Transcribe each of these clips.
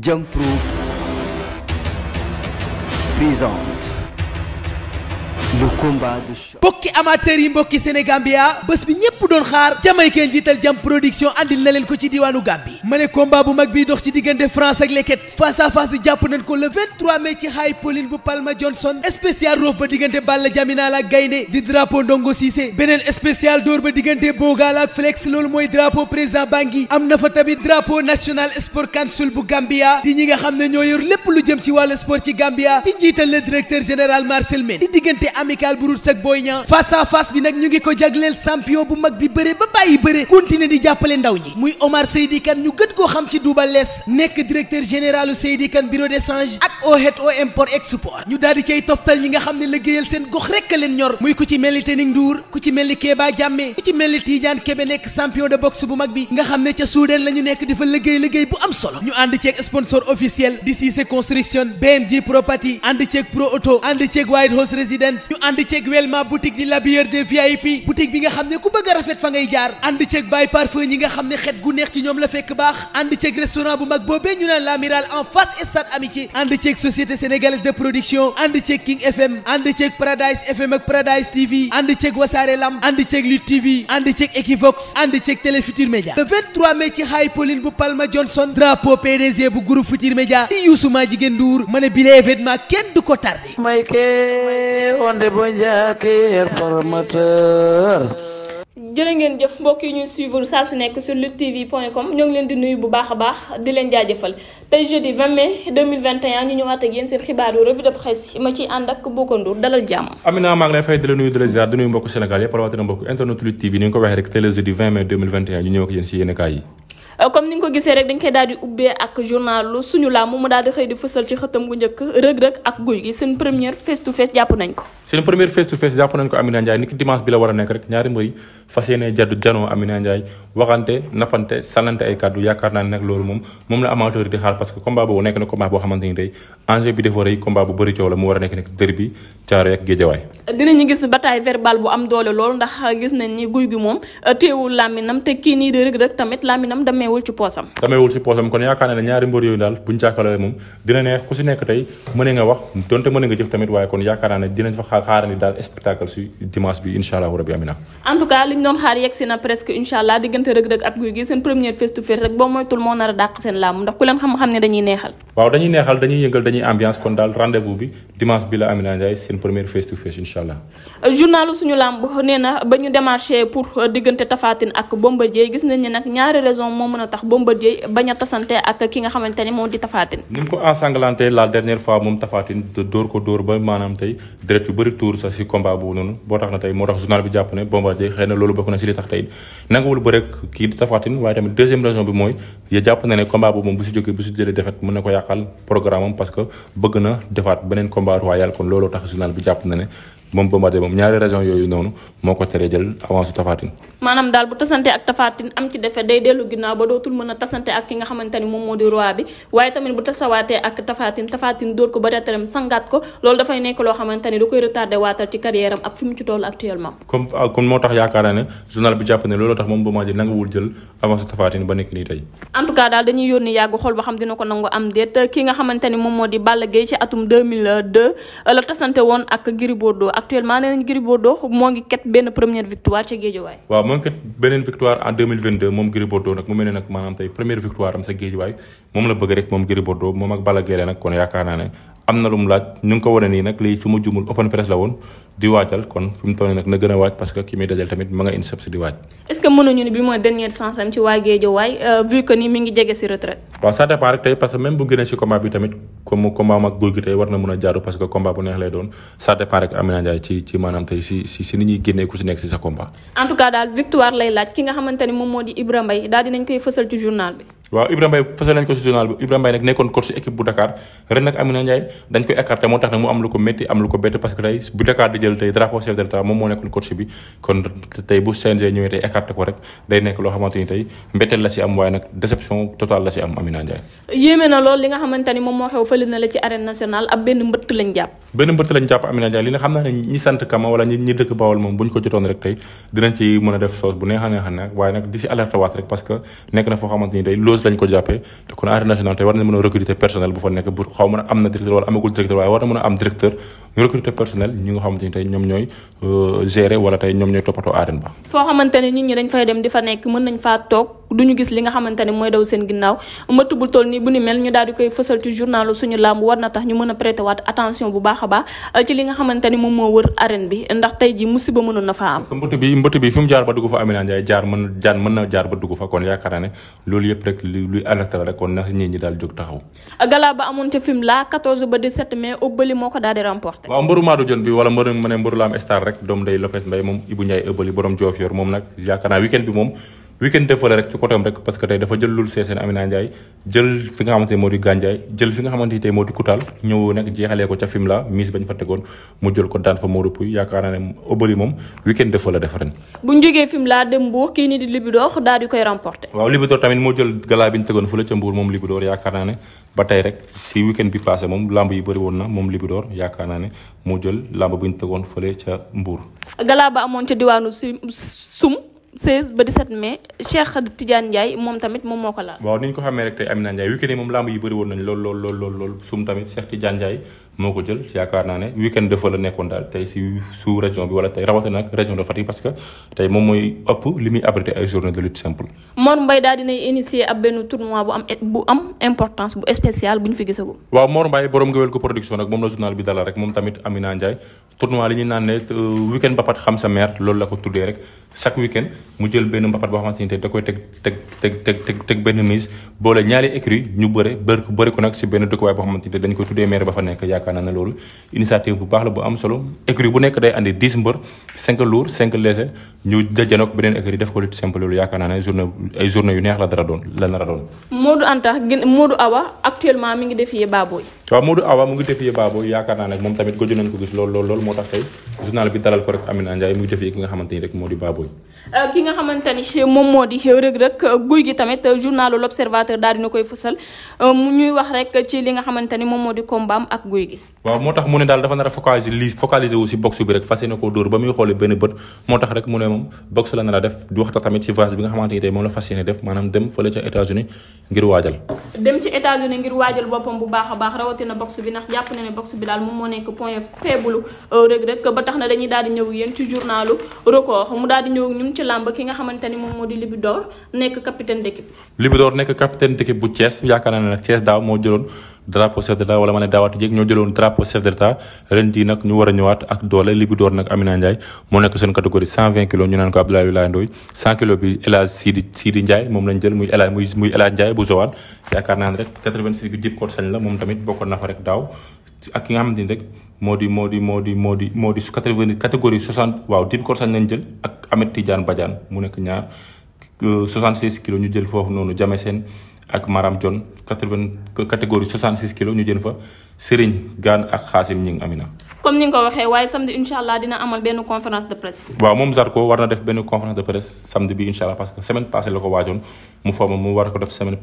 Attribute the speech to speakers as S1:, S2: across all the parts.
S1: Jump Proof présente le combat de choc. mbokki amateurs yi mbokki Sénégambia bés bi ñépp doon xaar jamaykeen jiital jam production andil na leen ko ci diwaanu Gambie ma ne combat bu mag bii dox ci diggante France ak leket face à bi jàpp nañ ko le 23 mai ci High Pauline bu Palma Johnson spécial roof ba diggante ball Jaminal ak Gaynde di drapeau Ndongo Cissé beneen spécial dóor ba diggante Bogal ak Flex loolu mooy drapeau président Bangui am na fa tamit drapeau national sport council bu Gambia di ñi nga xam ne ñoo yor lépp lu jëm ci wàllu sport ci Gambia di njiital le directeur général Marcel Men diggante amical bu rut sëg Boy Niang face à face bi nag ñu ngi ko jagleel champion bu mag bi bëre ba bàyyi bëre continuer di jàppale ndaw ñi muy Omar Seydi ñu gën koo xam ci Double Less nekk directeur général Seydi Kane bureau d'échange ak OHET import export ñu daal di cay toftal ñi nga xam ne liggéeyal seen gox rekk leen ñor muy ku ci mel ni Tening Ndour ku ci mel ni Kéba Jàmme ku ci mel ni Tidiane kebe nekk champion de boxe bu mag bi nga xam ne ca Soudan la ñu nekk di fa liggéey liggéey bu am solo ñu ànd ceeg sponsor officiel di Cissé construction BMG property ànd ceeg pro auto ñu ànd ceeg Welma boutique di l'habilleur des VIP boutique bi nga xam ne ku bëgg a rafet fa ngay jaar ànd ceeg Baye Parfum ñi nga xam ne xet gu neex ci ñoom la fekk baax ànd ceeg restaurant bu mag boobee ñu naan l'amiral en face stade amitié ànd ceeg société sénégalaise de production ànd ceeg King FM ànd ceeg Paradise FM ak Paradise TV ànd ceeg Wasaare Lam ànd ceeg TV ànd ceeg Equivox ànd ceeg Télé Futur Média le 23 mai ci High Pauline bu ma ne bile ko Kande bu Njaakir promoteur
S2: jërë ngeen jëf mbokk yi ñu suivre saa su nekk sur Lutte TV point ñoo ngi leen di nuyu bu baax baax di leen jaajëfal tey jeudi 20 mai 2021 ñu ñëwaat ak yéen seen xibaaru revue de presse ma ciy ànd ak Boucar dalal jàmm
S3: Amina maa ngi lay fay di la nuyu di la di nuyu mbokk Sénégal yëpp rawatina mbokk internet Lutte TV ni nga ko waxee rek tey le jeudi 20 mai 2021 ñu ñëw ak yéen si kaay yi
S2: Euh, comme ni nga ko gisee rek dañ koy daal di ubbee ak journal suñu làmb mu daal di xëy di fësal ci xëtam gu njëkk rëg-rëg ak guy gi seen ko seen première face to face jàpp nañ
S3: ko Amina Ndiaye ni ki dimanche bi la war a nekk rek ñaari mbër yi fas yéene jaddu janoo Amina Ndiaye waxante nappante sanante ay kàddu yaakaar naa ne nag loolu moom moom la amateur yi di xaar parce que combat boobu nekk na combat boo xamante ni tey enjeu bi dafa rëy bu bëri coow la mu
S2: dina dinañu gis bataille verbale bu am doole lool ndax gis nañ ni guy gi moom euh, teewul làmminam te kii nii de Reug Reug tamit làmminam dameewul ci poosam
S3: dameewul ci poosam kon yaakaar ne ñaari mbër yooyu daal buñ jàkkaarloo moom dina neex ku si nekk tey mën nga wax donte mën nga jëf tamit waaye kon yaakaar naa ne dinañ fa xaarandi daal spectacle si dimanche bi incha allah rabbi amina
S2: en tout cas liñ doon xaar yegg na presque incha allah diggante incha allah. suñu làmb nee na ba ñu démarché pour diggante Tapha Tine ak Bombardier gis nañ ne nag ñaari raison moo mën a tax Bombardier bañ a tasante ak ki nga xamante ne moom di Tapha
S3: ni mu ko ensanglanté la dernière moom Tapha Tine dóor maanaam tey deret sa si boo tax na tey moo tax journal bi jàpp ne Bombardier xëy na loolu bokk na si li tax tey nanguwul ba rek kii di Tapha waaye tamit deuxième raison bi mooy jàpp na ne combat boobu moom bu si jógee bu si jëlee defet mën na ko yàqal programme parce que bëgg na defaat beneen combat royal kon looloo tax journal bi jàpp na ne moom Bombardier moom ñaari raison yooyu noonu moo ko teree jël avance su
S2: maanaam daal bu tasante ak Tafatine am ci defee day dellu ginnaaw ba dootul mën a tasante ak ki nga xamante ni moom sangaat ko loolu dafay nekk loo xamante da koy retardé waatal ci carrière am ak ci toll actuellement.
S3: Ah, comme moo tax yaakaar naa ne journal bi jàpp ne looloo tax moom Bombardier nanguwul jël avance su ba nekk nii tey.
S2: en daal dañuy yónni yàgg actuellement nee nañ Gris Bordeaux moo ngi ket benn première victoire ca Géejawaay
S3: waaw moo ngi ket beneen victoire en 2022 moom Gris Bordeaux nag mu mel ne nag maanaam tey première victoire am sa Géejawaay moom la bëgg rek moom Gris Bordeaux moom ak Balla Gaye nag kon yaakaar naa ne am na lu mu laaj ñu ngi ko wane nii nag lii su ma jumul open press la woon di waajal kon fi mu nag na gën waaj parce que ki muy dajal tamit ma euh,
S2: ngi jege si retraite.
S3: waaw ça dépend tey parce que même bu gënee si combat bi tamit comme combat am gi tey war na mën a jaaru parce que combat bu neex lay doon ça dépend rek Amina ci maanaam tey si ni ñuy génnee ku si nekk si sa combat.
S2: en daal victoire lay laaj ki nga xamante moom moo di Ibra
S3: waaw Ibrahima Mbaye fësal nañ ko si journal bi Ibrahima Mbaye nag nekkoon coach si équipe bu Dakar ren nag Amina Ndiaye dañ koy écarté moo tax nag mu am lu ko métti am lu ko bett parce que tey bu Dakar di jël tey drapeau chef de tey bu ko rek day nekk loo xamante tey mbetteel la si am waaye nag déception totale la si am Amina Ndiaye
S2: yéeme na lool li nga xamante moom moo xew fële la ci arène nationale ab benn mbëtt lañ jàpp
S3: benn mbëtt lañ poste lañ ko jàppee kon arène nationale tey war na mën a recruter personnel bu fa nekk bu xaw mën a am na directeur wala amagul directeur waaye war na mën a am directeur ñu personnel ñi nga xamante tey ñoom ñooy euh, gérer wala tey ñoom ñooy toppatoo arène ba
S2: foo xamante ne ñi dañ fay dem di nekk mën nañ faa toog du ñu gis li nga xamante ne mooy daw seen ginnaaw mëtt bu toll nii bu ni mel ñu daal di koy fësal ci journalu suñu làmb war na tax ñu mën a prêter waat attention bu a baax euh, ci li moom moo wër arène bi ndax tey ji musiba mënoon na mbëtt
S3: bi mbëtt mu jaar ba dugg fa Amina Ndiaye jaar mën jaar mën na jaar ba dugg mbëru Maadu am star rek doom day Lopez Mbaye moom Ibou Ndiaye ëbbali borom Diofior moom nag yaakaar naa weekend bi moom weekend fële rek ci côté rek parce que tey dafa jël Loul Sessène Amina Ndiaye jël fi nga xamante moo di Gandiaye jël fi nga xamante moo di Koutal ñëw nag jeexalee ko ca Fimela mise bañ
S2: fa nii di Libidor daal koy remporté
S3: waaw Libidor tamit moo jël galaa bi ñu tegoon fële ca Mbour moom Libidor yaakaar naa ne moo jël lamb bi ñu tegoon fële ca Mbour
S2: galaa ba amoon ca diwaanu Sum 16 ba 17 mai Cheikh Tidiane Ndiaye moom tamit moom moo ko laal.
S3: waaw ni ñu ko xamee rek tey Amina Ndiaye week-end moom lamb yi bëri woon nañ lool lool lool lool tamit Cheikh Tidiane Ndiaye. moo ko jël yaakaar naa ne weekend dafa la nekkoon wala tey rawatina nag région de parce que moom mooy ëpp li muy
S2: daal dinay initier ab benn tournoi fi gisagum.
S3: waaw Mor Mbaye borom ngëwel ko production nag moom la journal bi dalal rek moom tamit Amina Ndiaye tournoi li ñuy naan ne euh, weekend mbapat xam sa mère loolu la ko tuddee rek chaque weekend mu jël benn mbapat boo xamante ni benn mise boole ñaari écrit ñu bëre bëri ko nag si benn dëkkuwaay boo xamante dañ koy tuddee maire ba fa nekk yaakaar yaakaar loolu initiative bu baax la bu am solo écurie bu nekk day andi 10 mbër 5 lourds 5 légers ñu dajanoog beneen écurie def ko lutte simple loolu yaakaar naa ne journée ay journée yu neex la dara doon la nar a doon.
S2: Modou Anta Modou Awa actuellement mi ngi defiyee Baboy.
S3: waaw Modou ah, Awa mu ngi défier Baboy yaakaar naa ne moom tamit gëj ko gis lool lool moo tax tey journal bi dalal ko rek Amina Ndiaye mu ngi défier ki nga xamante
S2: euh, moom moo di kombaam euh, ak guy gi
S3: waaw moo tax mu ne daal dafa nar a focaliser li focaliser wu si bi rek fas yéene dóor ba muy xoole benn bët moo tax rek mu ne moom boxe la nar a def di waxta tamit si voyage bi nga xamante ni moom la fas def maanaam dem fële ca états ngir
S2: waajal te na box bi ndax jàpp na ne box bi daal moom moo nekk point faible euh, Reug Reug ba tax na dañuy daal di ñëw yéen ci journalu record mu daal di ñëw ñun ci làmb ki nga xamante ni moom moo di Libidor nekk capitaine d'équipe
S3: Libidor nekk capitaine d'équipe bu Thiès yaakaar na ne nag Thiès daaw moo jëloon drapeau chef d' état wala ma ne daawaatu jéeg ñoo jëloon drapeau chef ren jii ñu war a ñëwaat ak doole li bi door nag Amina moo nekk seen catégorie 120 moom lañ jël muy El Hadj muy muy El Hadj Ndiaye naa ne rek 86 bi Dip Kot Sañ la moom tamit bokkoon na fa rek daaw ak ki nga xamante ni rek moo di moo di moo di moo di moo di catégorie 60 waaw Dip Kot Sañ lañ jël ak Amet Tidiane Badiane mu nekk ñaar 66 euh, kilos ñu jël foofu noonu Jame seen ak Maram John quatre-vingt catégorie soixante-six kilos ñu jën fa Serigne Gane ak Xaasim ñi Amina.
S2: comme ni nga waxee waaye samedi incha dina amal benn conférence de presse. waaw
S3: moom Zarko war na def benn conférence de presse samedi bi incha parce que semaine passée la ko waajoon mu foog mu war ko def semaine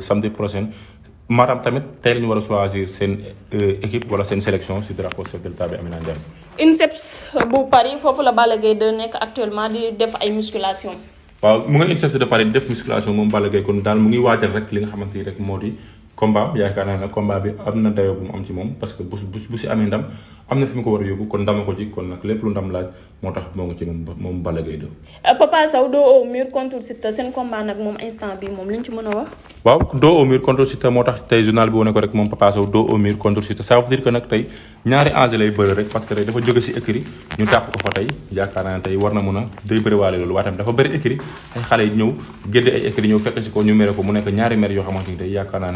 S3: samedi prochaine. tamit tey la war a choisir seen euh, équipe wala seen sélection si drapeau chef de bi Amina Ndiaye.
S2: INSEPS bu Paris foofu
S3: waaw mu nga université de Paris def musculation moom Balla Gaye kon daal mu ngi waajal rek li nga xamante ni moo di combat yaakaar naa ne combat bi am na dayoo bu mu am ci moom parce que bu bu bu si amee ndam am na fi mu ko war a yóbbu kon ndama ko ci kon nag lépp lu ndam laaj moo tax moom moom Balla Gaye euh,
S2: doo au mur contre seen combat nag moom instant bi moom liñ ci mën a wax.
S3: waaw doo au mur contre Siteu moo tax ko nag tey ñaari enjeu lay bëri rek parce que tey dafa jóge si écrit ñu tàq ko fa tey yaakaar naa ne tey war na mën a day bëri waale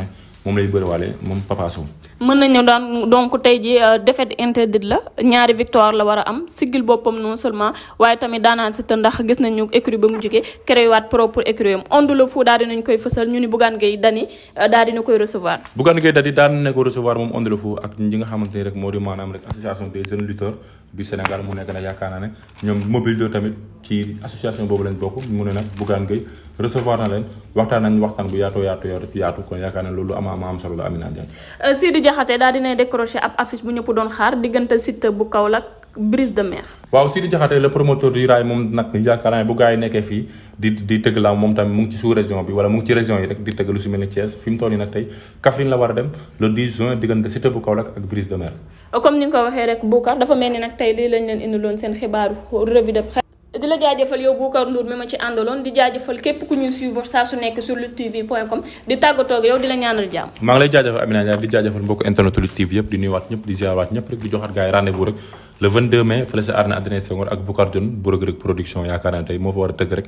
S3: moom lay bëriwaale moom Papa Sow.
S2: mën nañu daan donc tey ji euh, défaite interdite la ñaari victoire la war a am siggil boppam non seulement waaye tamit daanaan si te ndax gis nañu écurie ba mu jógee créé waat propre écurie am Onde le Fou daal dinañ koy fësal ñu ni Bougane Gueye Dany euh, daal dina koy recevoir.
S3: Bougane Gueye Dany daan na ko recevoir moom Onde le Fou ak ñi nga xamante ne rek moo di maanaam rek association des jeunes lutteurs. du Sénégal mu nekk na yaakaar naa ne ñoom mobile doo tamit ci association boobu lañ bokk mu ne nag Bougane Gueye recevoir na leen waxtaan nañ waxtaan bu yaatoo yaatu yaatu kon yaakaar naa ne loolu ama ama am solo la Amina Ndiaye.
S2: Euh, Sidi Diakhaté daal dina décroché ab affiche bu ñëpp doon xaar diggante site bu Kaolack brise de mer.
S3: waaw Sidi Diakhaté le promoteur du rail moom nag yaakaar naa ne bu gars yi nekkee fii di di tëgg la moom tamit mu ngi ci sous région bi wala mu ngi ci région yi rek di tëgg lu si mel ni Thiès fi mu toll nii nag tey Kaffrine la war a dem le 10 juin diggante Cité bu Kaolack ak brise de mer.
S2: comme ni nga ko waxee rek Boucar dafa mel ni nag tey lii lañ leen indiloon seen xibaaru revue de presse di la jaajëfal yow Boucar Ndour mi ma ci àndaloon di jaajëfal képp ku ñuy suivre saa su nekk sur Lutte TV point com di tàggatoo ak yow di la ñaanal jàmm.
S3: maa ngi lay jaajëfal Amina Ndiaye di jaajëfal mbokk internet Lutte TV yëpp di nuyuwaat ñëpp di ziaraat ñëpp rek di joxaat gars yi rendez-vous rek le 22 mai fële sa arène Adrien Senghor ak Boucar Dione bu Reug Reug production yaakaar naa tey moo fa war a tëgg rek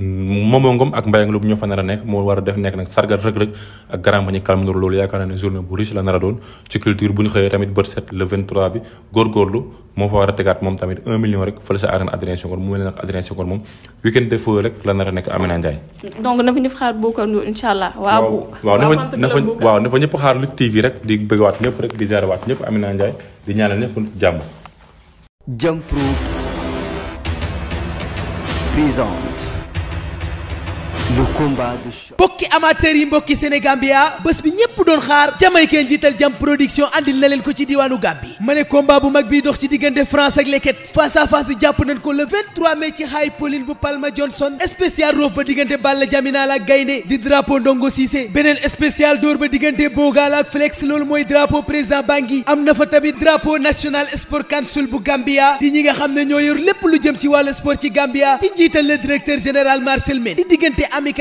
S3: Momo ak Mbaye Ngom ñoo fa nar a nekk a def nekk nag sargal Reug Reug ak garan ba loolu yaakaar naa ne journée bu riche la nar a doon ci culture bu xëyee tamit bët set le 23 bi góorgóorlu moo fa war a tegaat moom tamit 1 million rek fële sa arène Adrien Senghor mu moom weekend de feu rek la nar a nekk Amina Ndiaye
S2: donc na fa ñëpp xaar Boucar
S3: waat ñëpp rek di ziar waat ñëpp Amina Ndiaye di
S2: Jump Rope présente combat de choc.
S1: mbokki amateur yi mbokki Sénégambia bés bi ñépp doon xaar jamaykeen jiital jam production andil na leen ko ci diwaanu Gambie ma ne combat bu mag bii dox ci diggante France ak Leket face à bi jàpp ko le 23 mai ci High Pauline bu Palma Johnson spécial roof ba diggante Balla Jaminal ak Gaynde di drapeau Ndongo Cissé beneen spécial dóor ba diggante Bogal ak Flex loolu mooy drapeau président Bangui am na fa tamit drapeau national sport council bu Gambia di ñi nga xam ne ñoo yor lépp lu jëm ci wàllu sport ci Gambia di njiital directeur général Marcel Men di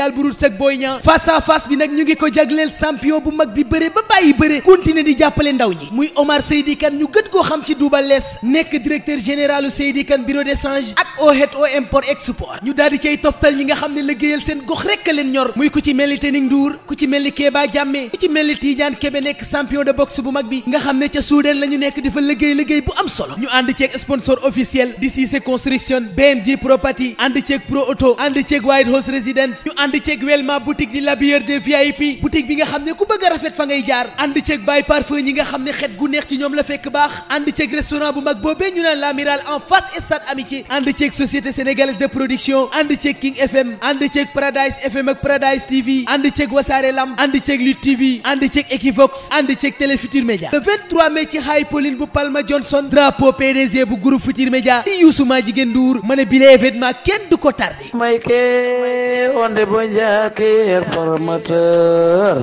S1: spécial bu rut sëg Boy Niang face à face bi nag ñu ngi ko jagleel champion bu mag bi bëre ba bàyyi bëre continuer di jàppale ndaw ñi muy Omar Seydi Kane ñu gën koo xam ci Double Less nekk directeur général Seydi Kane bureau d'échange ak ohet o import export ñu daal di cay toftal ñi nga xam ne liggéeyal seen gox rekk a leen ñor muy ku ci mel ni Tening Ndour ku ci mel ni Kéba Jàmme ku ci mel ni Tidiane Kébé nekk champion de boxe bu mag bi nga xam ne ca Soudan la ñu nekk di fa liggéey liggéey bu am solo di Cissé construction BMG property ànd ceeg pro ànd ceeg Welma boutique di l'habilleur des VIP boutique bi nga xam ne ku bëgg a rafet fa ngay jaar ànd ceeg Baye Parfum nga xam ne xet gu neex ci ñoom la fekk baax ànd ceeg restaurant bu mag boobee ñu naan l'amiral en face stade amitié ànd ceeg société sénégalaise de production ànd ceeg King FM ànd ceeg Paradise FM ak Paradise TV ànd ceeg Wasaare Lam ànd ceeg TV ànd ceeg Equivox ànd ceeg Télé Futur Média le 23 mai ci High Pauline bu Ndiakir formateur